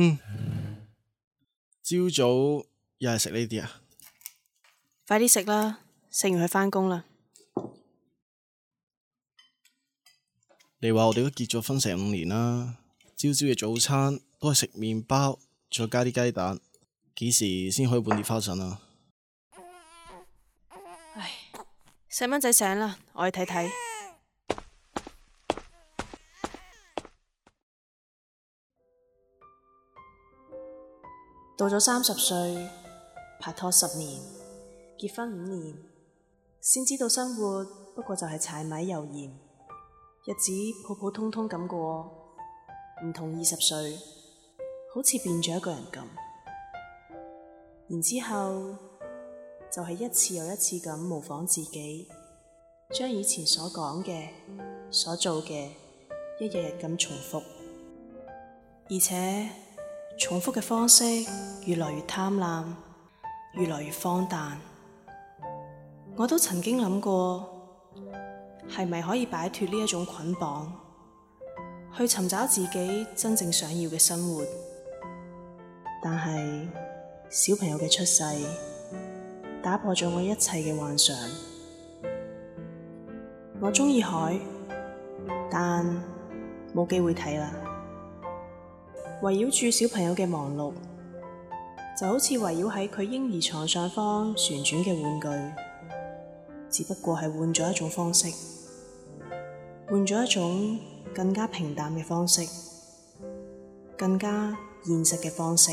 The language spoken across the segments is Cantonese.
嗯，朝早又係食呢啲啊！快啲食啦，食完去翻工啦。你話我哋都結咗婚成五年啦，朝朝嘅早餐都係食麵包，再加啲雞蛋，幾時先可以換啲花臣啊？唉，細蚊仔醒啦，我去睇睇。到咗三十歲，拍拖十年，結婚五年，先知道生活不過就係柴米油鹽，日子普普通通咁過，唔同二十歲，好似變咗一個人咁。然之後就係、是、一次又一次咁模仿自己，將以前所講嘅、所做嘅，一日日咁重複，而且。重複嘅方式越來越貪婪，越來越荒誕。我都曾經諗過，係咪可以擺脫呢一種捆綁，去尋找自己真正想要嘅生活？但係小朋友嘅出世，打破咗我一切嘅幻想。我鍾意海，但冇機會睇啦。圍繞住小朋友嘅忙碌，就好似圍繞喺佢嬰兒床上方旋轉嘅玩具，只不過係換咗一種方式，換咗一種更加平淡嘅方式，更加現實嘅方式。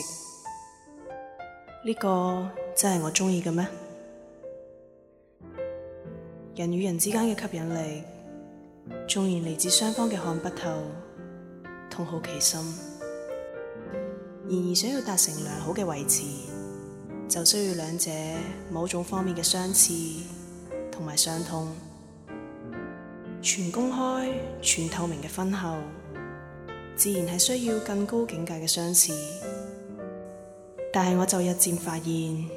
呢個真係我中意嘅咩？人與人之間嘅吸引力，縱然嚟自雙方嘅看不透同好奇心。然而，想要達成良好嘅維持，就需要兩者某種方面嘅相似同埋相通。全公開、全透明嘅婚後，自然係需要更高境界嘅相似。但係我就日漸發現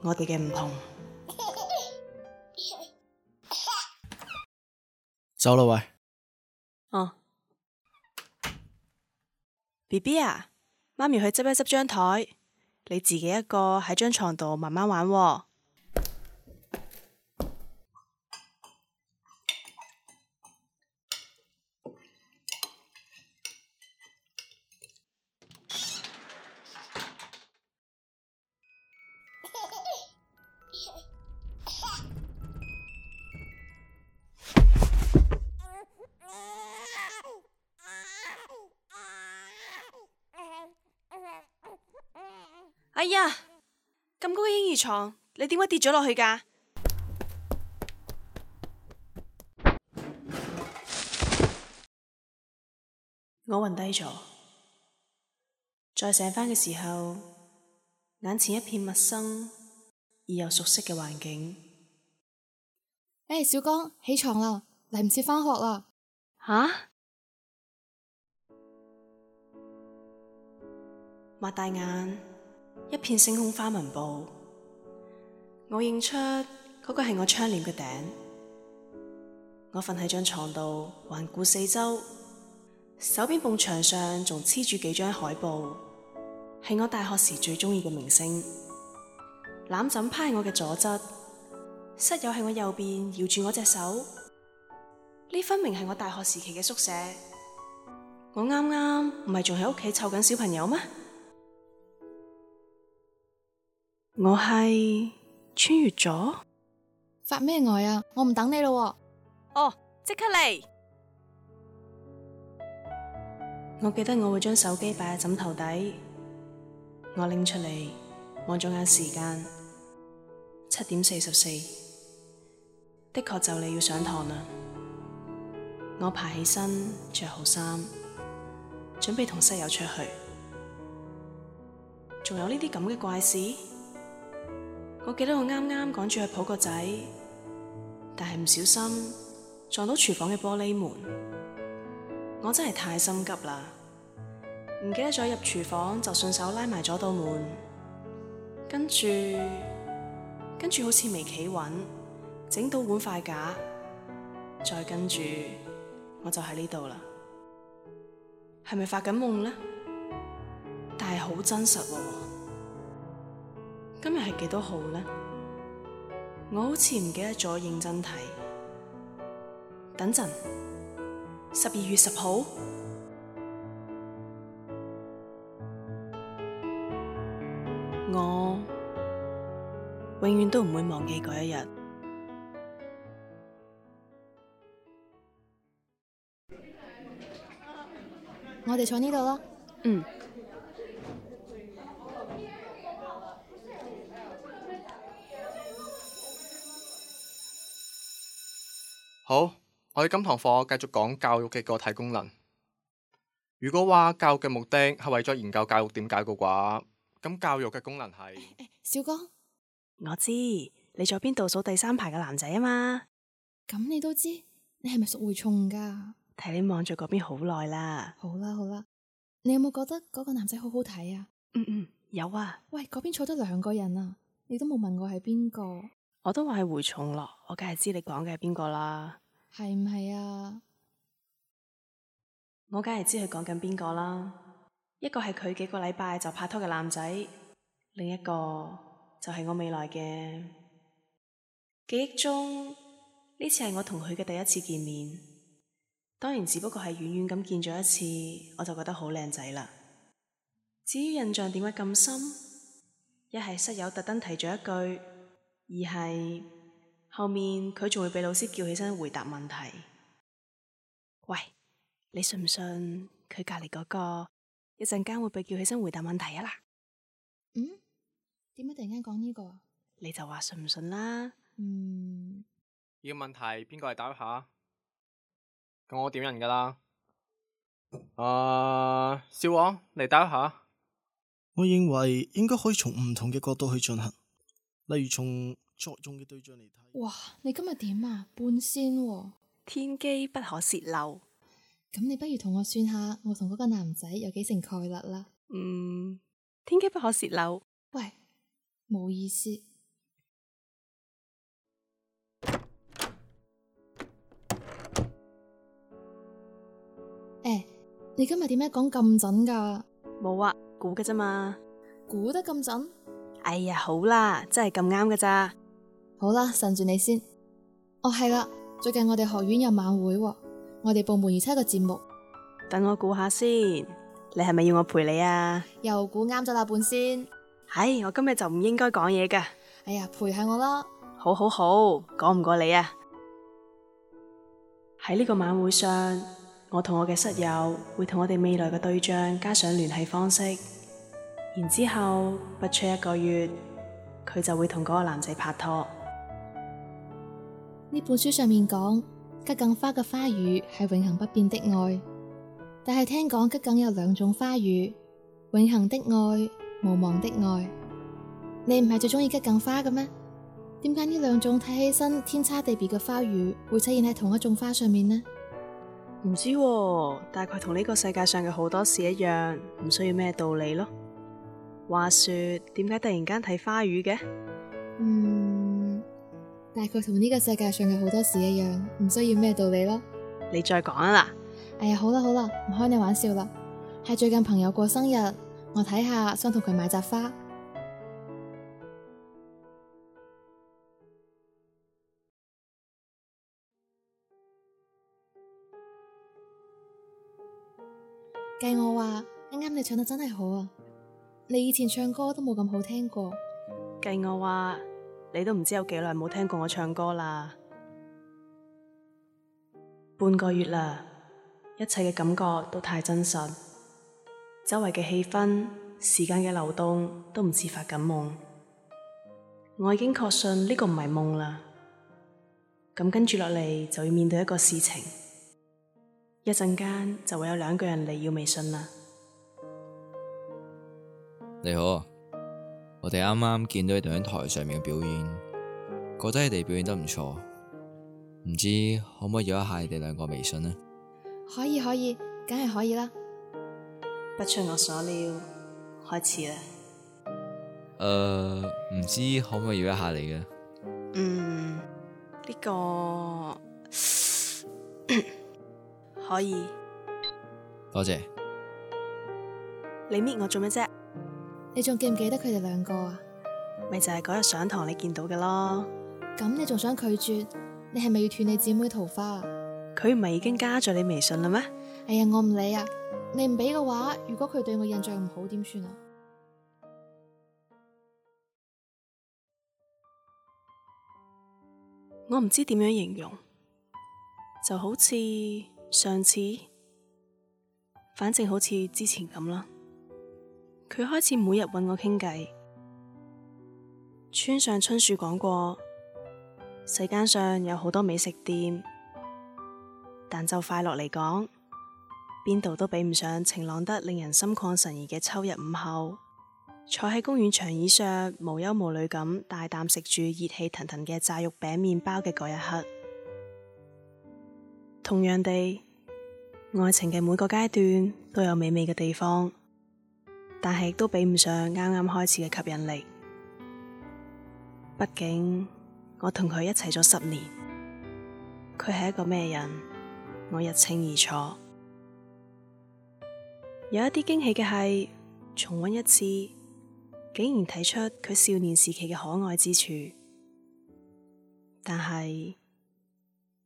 我哋嘅唔同。走喇喂。嗯、哦。B B 啊。媽咪去執一執張台，你自己一個喺張床度慢慢玩喎。哎呀！咁高嘅嬰兒床，你點解跌咗落去噶？我暈低咗，再醒返嘅時候，眼前一片陌生而又熟悉嘅環境。哎，hey，小江，起床啦，嚟唔切返學啦。吓？擘大眼。一片星空花紋布，我認出嗰個係我窗簾嘅頂。我瞓喺張床度，環顧四周，手邊埲牆上仲黐住幾張海報，係我大學時最鍾意嘅明星。攬枕趴喺我嘅左側，室友喺我右邊搖住我隻手，呢分明係我大學時期嘅宿舍。我啱啱唔係仲喺屋企湊緊小朋友咩？我係穿越咗，發咩呆啊！我唔等你咯啊，哦，即刻嚟。我記得我會將手機擺喺枕頭底，我拎出嚟望咗眼時間，七點四十四，的確就嚟要上堂啦。我爬起身，着好衫，準備同室友出去，仲有呢啲咁嘅怪事？我記得我啱啱趕住去抱個仔，但係唔小心撞到廚房嘅玻璃門。我真係太心急啦，唔記得咗入廚房就順手拉埋咗道門。跟住，跟住好似未企穩，整到碗筷架，再跟住我就喺呢度啦。係咪發緊夢呢？但係好真實喎。今日係幾多號呢？我好似唔記得咗，認真睇。等陣，十二月十號，我永遠都唔會忘記嗰一日。我哋坐呢度咯。嗯。好，我哋今堂課繼續講教育嘅個體功能。如果話教育嘅目的係為咗研究教育點解嘅話，咁教育嘅功能係？誒、哎哎，小江，我知你左邊倒數第三排嘅男仔啊嘛。咁你都知，你係咪屬蛔蟲噶？睇你望住嗰邊好耐啦。好啦好啦，你有冇覺得嗰個男仔好好睇啊？嗯嗯，有啊。喂，嗰邊坐得兩個人啊，你都冇問我係邊個？我都話係蛔蟲咯，我梗係知你講嘅係邊個啦。係唔係啊？我梗係知佢講緊邊個啦。一個係佢幾個禮拜就拍拖嘅男仔，另一個就係我未來嘅。記憶中，呢次係我同佢嘅第一次見面。當然只不過係遠遠咁見咗一次，我就覺得好靚仔啦。至於印象點解咁深，一係室友特登提咗一句，二係。後面佢仲會俾老師叫起身回答問題。喂，你信唔信佢隔籬嗰個一陣間會俾叫起身回答問題啊？嗱，嗯，點解突然間講呢個？你就話信唔信啦。嗯。呢個問題，邊個嚟答一下？咁我點人噶啦？啊，小王嚟答一下。我認為應該可以從唔同嘅角度去進行，例如從。作用嘅對象嚟睇。哇！你今日點啊？半仙、哦、天機不可洩漏，咁你不如同我算下，我同嗰個男仔有幾成概率啦？嗯，天機不可洩漏，嗯、洩漏。喂，冇意思。誒、欸，你今日點解講咁準噶？冇啊，估嘅啫嘛。估得咁準？哎呀，好啦，真係咁啱㗎咋。好啦，順住你先。哦，係啦，最近我哋學院有晚會喎，我哋部門演出一個節目。等我估下先，你係咪要我陪你啊？又估啱咗大半先。唉、哎，我今日就唔應該講嘢噶。哎呀，陪下我咯。好,好,好，好，好，講唔過你啊。喺呢個晚會上，我同我嘅室友會同我哋未來嘅對象加上聯繫方式，然之後不出一個月，佢就會同嗰個男仔拍拖。呢本書上面講桔梗花嘅花語係永恒不變的愛，但係聽講桔梗有兩種花語：永恒的愛、無望的愛。你唔係最中意桔梗花嘅咩？點解呢兩種睇起身天差地別嘅花語會出現喺同一種花上面呢？唔知啊，大概同呢個世界上嘅好多事一樣，唔需要咩道理咯。話說，點解突然間睇花語嘅？嗯。大概同呢個世界上嘅好多事一樣，唔需要咩道理咯。你再講吖啦。哎呀，好啦好啦，唔開你玩笑啦。係最近朋友過生日，我睇下想同佢買扎花。計我話，啱啱你唱得真係好啊！你以前唱歌都冇咁好聽過。計我話。你都唔知有幾耐冇聽過我唱歌啦，半個月啦，一切嘅感覺都太真實，周圍嘅氣氛、時間嘅流動都唔似發緊夢，我已經確信呢個唔係夢啦。咁跟住落嚟就要面對一個事情，一陣間就會有兩個人嚟要微信啦。你好。我哋啱啱見到你哋喺台上面嘅表演，覺得你哋表演得唔錯，唔知可唔可以要一下你哋兩個微信呢？可以可以，梗係可以啦！不出我所料，開始啦。誒、呃，唔知可唔可以要一下你嘅？嗯，呢、這個 可以。多謝。你搣我做咩啫？你仲記唔記得佢哋兩個啊？咪就係嗰日上堂你見到嘅。咯咁你仲想拒絕？你係咪要斷你姊妹桃花啊？佢唔係已經加咗你微信啦咩？哎呀，我唔理啊！你唔俾嘅話，如果佢對我印象唔好，點算啊？我唔知點樣形容，就好似上次，反正好似之前咁啦。佢開始每日揾我傾偈。村上春樹講過，世間上有好多美食店，但就快樂嚟講，邊度都比唔上晴朗得令人心曠神怡嘅秋日午後，坐喺公園長椅上無憂無慮咁大啖食住熱氣騰騰嘅炸肉餅麵包嘅嗰一刻。同樣地，愛情嘅每個階段都有美味嘅地方。但係亦都比唔上啱啱開始嘅吸引力。畢竟我同佢一齊咗十年，佢係一個咩人，我一清二楚。有一啲驚喜嘅係重溫一次，竟然睇出佢少年時期嘅可愛之處。但係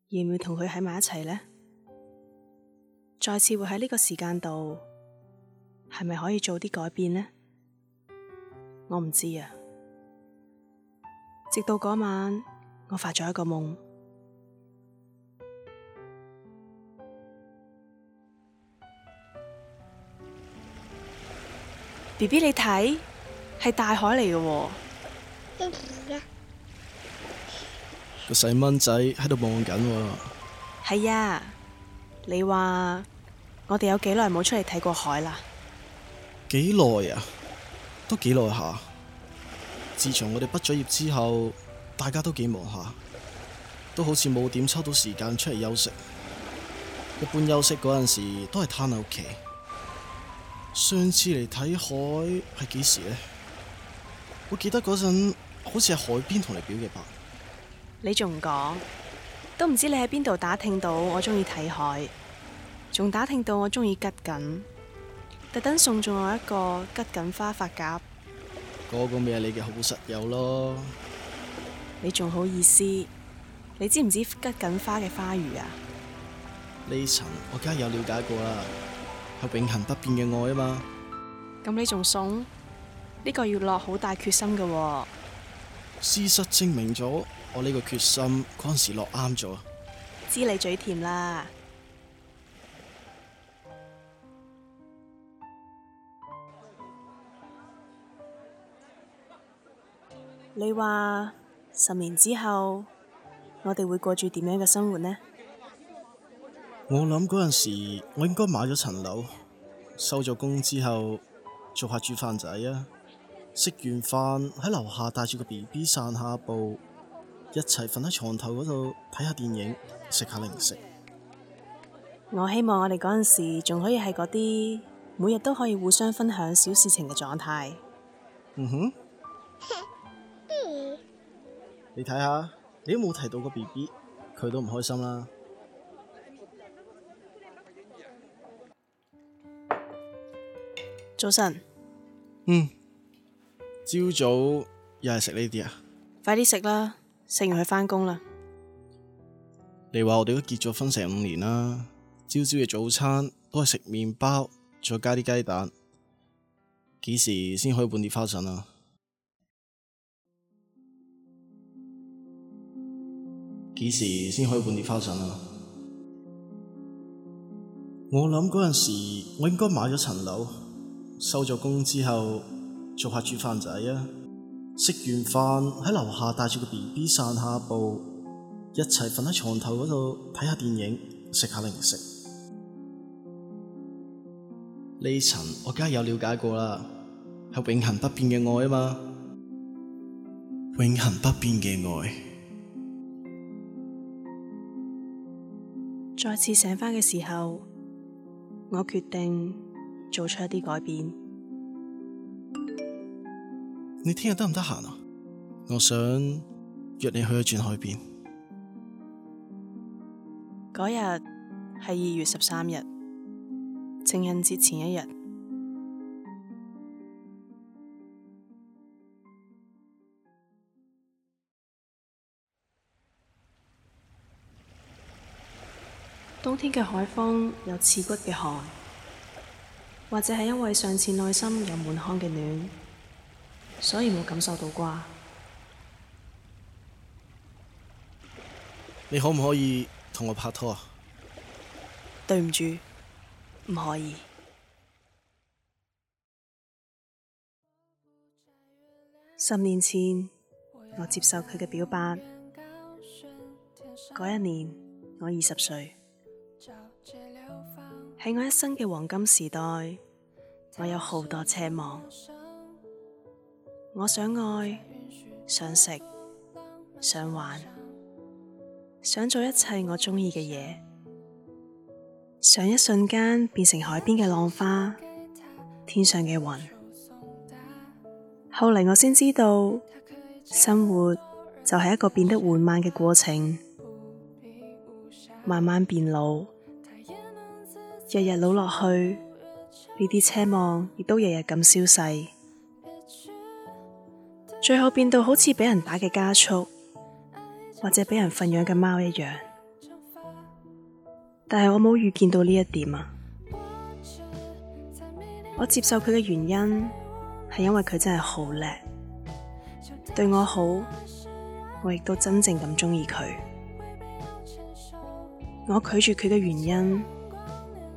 要唔要同佢喺埋一齊呢？再次會喺呢個時間度？係咪可以做啲改變呢？我唔知啊。直到嗰晚，我發咗一個夢。BB，你睇，係大海嚟嘅。個細蚊仔喺度望緊我。係啊，你話我哋有幾耐冇出嚟睇過海啦？幾耐啊？都幾耐下。自從我哋畢咗業之後，大家都幾忙下、啊，都好似冇點抽到時間出嚟休息。一般休息嗰陣時，都係攤喺屋企。上次嚟睇海係幾時呢？我記得嗰陣好似喺海邊同你表嘅白。你仲講，都唔知你喺邊度打聽到我中意睇海，仲打聽到我中意桔梗。特登送咗我一個桔梗花髮夾，嗰咪係你嘅好室友咯？你仲好意思？你知唔知桔梗花嘅花語啊？呢層我梗有了解過啦，係永恆不變嘅愛啊嘛。咁你仲送？呢、這個要落好大決心嘅。事實證明咗，我呢個決心嗰陣時落啱咗。知你嘴甜啦。你話十年之後，我哋會過住點樣嘅生活呢？我諗嗰陣時，我應該買咗層樓，收咗工之後做下煮飯仔啊。食完飯喺樓下帶住個 BB 散下步，一齊瞓喺床頭嗰度睇下電影，食下零食。我希望我哋嗰陣時仲可以係嗰啲每日都可以互相分享小事情嘅狀態。嗯哼。你睇下，你都冇提到個 B B，佢都唔開心啦。早晨，嗯，朝早又係食呢啲啊！快啲食啦，食完去翻工啦。你話我哋都結咗婚成五年啦，朝朝嘅早餐都係食麵包，再加啲雞蛋，幾時先可以換啲花臣啊？幾時先可以換啲花信啊？我諗嗰陣時，我應該買咗層樓，收咗工之後做下煮飯仔啊！食完飯喺樓下帶住個 B B 散下步，一齊瞓喺床頭嗰度睇下電影，食下零食。呢層我梗係有了解過啦，係永恒不變嘅愛啊嘛，永恒不變嘅愛。再次醒翻嘅時候，我決定做出一啲改變。你聽日得唔得閒啊？我想約你去一轉海邊。嗰日係二月十三日，情人節前一日。冬天嘅海風有刺骨嘅寒，或者係因為上次內心有滿腔嘅暖，所以冇感受到啩。你可唔可以同我拍拖啊？對唔住，唔可以。十年前，我接受佢嘅表白。嗰一年，我二十歲。喺我一生嘅黃金時代，我有好多奢望，我想愛，想食，想玩，想做一切我鍾意嘅嘢，想一瞬間變成海邊嘅浪花、天上嘅雲。後嚟我先知道，生活就係一個變得緩慢嘅過程，慢慢變老。日日老落去，呢啲奢望亦都日日咁消逝，最後變到好似俾人打嘅家畜，或者俾人馴養嘅貓一樣。但係我冇遇見到呢一點啊！我接受佢嘅原因係因為佢真係好叻，對我好，我亦都真正咁中意佢。我拒絕佢嘅原因。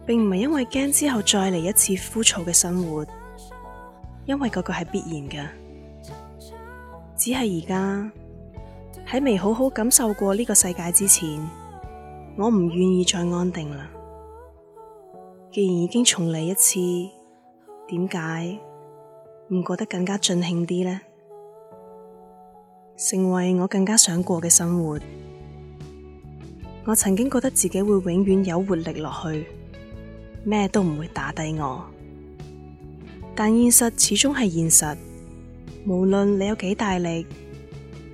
並唔係因為驚之後再嚟一次枯燥嘅生活，因為嗰個係必然嘅。只係而家喺未好好感受過呢個世界之前，我唔願意再安定啦。既然已經重嚟一次，點解唔過得更加盡興啲呢？成為我更加想過嘅生活，我曾經覺得自己會永遠有活力落去。咩都唔會打低我，但現實始終係現實，無論你有幾大力，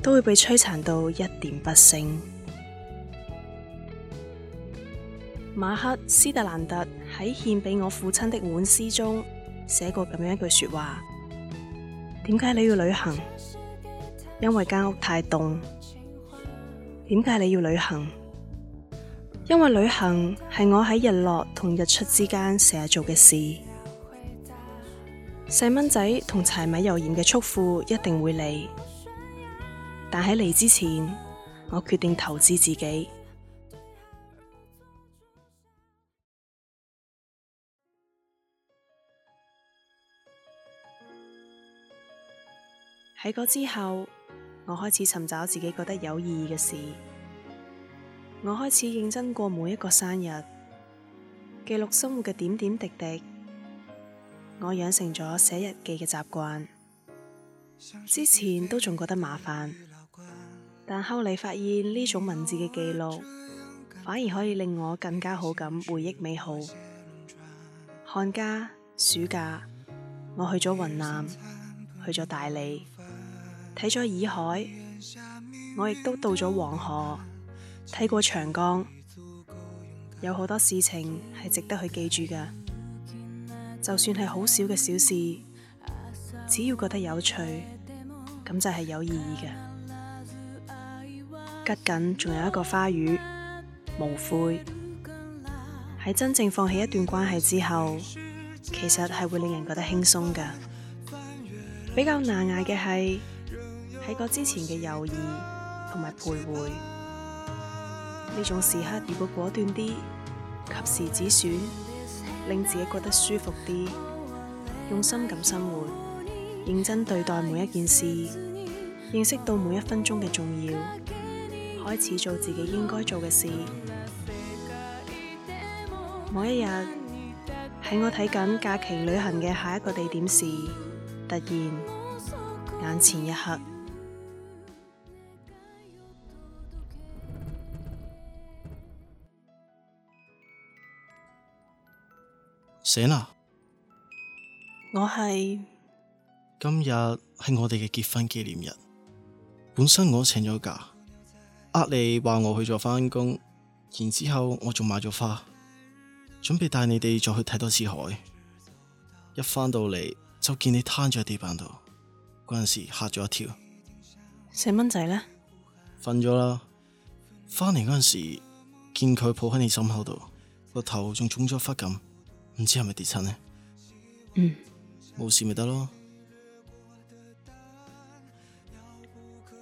都會被摧殘到一點不剩。馬克斯特蘭特喺獻俾我父親的挽詩中寫過咁樣一句說話：點解你要旅行？因為間屋太凍。點解你要旅行？因為旅行係我喺日落同日出之間成日做嘅事，細蚊仔同柴米油鹽嘅束縛一定會嚟，但喺嚟之前，我決定投資自己。喺嗰之後，我開始尋找自己覺得有意義嘅事。我開始認真過每一個生日，記錄生活嘅點點滴滴。我養成咗寫日記嘅習慣，之前都仲覺得麻煩，但後嚟發現呢種文字嘅記錄，反而可以令我更加好咁回憶美好。寒假暑假，我去咗雲南，去咗大理，睇咗洱海，我亦都到咗黃河。睇過長江，有好多事情係值得去記住㗎。就算係好少嘅小事，只要覺得有趣，咁就係有意義嘅。桔梗仲有一個花語，無悔。喺真正放棄一段關係之後，其實係會令人覺得輕鬆㗎。比較難捱嘅係喺個之前嘅猶豫同埋徘徊。呢種時刻，如果果斷啲，及時止損，令自己覺得舒服啲，用心咁生活，認真對待每一件事，認識到每一分鐘嘅重要，開始做自己應該做嘅事。某一日，喺我睇緊假期旅行嘅下一個地點時，突然眼前一黑。醒啦！我係是今日係我哋嘅結婚紀念日，本身我請咗假，呃你話我去咗返工，然之後我仲買咗花，準備帶你哋再去睇多次海，一返到嚟就見你攤咗喺地板度，嗰陣時吓咗一跳。細蚊仔咧瞓咗啦，翻嚟嗰陣時見佢抱喺你心口度，個頭仲腫咗忽咁。唔知係咪跌親呢？嗯，冇事咪得咯。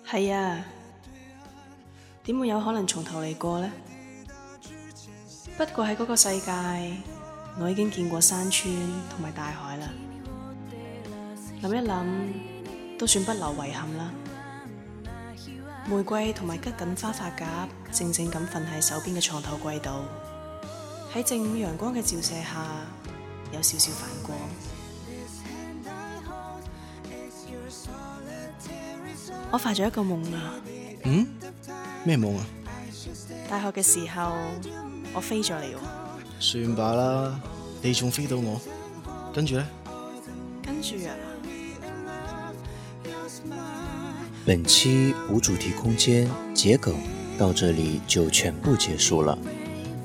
係啊，點會有可能從頭嚟過呢？不過喺嗰個世界，我已經見過山川同埋大海啦。諗一諗，都算不留遺憾啦。玫瑰同埋桔梗花髮夾，靜靜咁瞓喺手邊嘅床頭櫃度。喺正午陽光嘅照射下，有少少反光。我發咗一個夢啊，嗯？咩夢啊？大學嘅時候，我飛咗嚟你。算吧啦，你仲飛到我。跟住咧？跟住啊。本期無主題空間桔梗到這裏就全部結束了。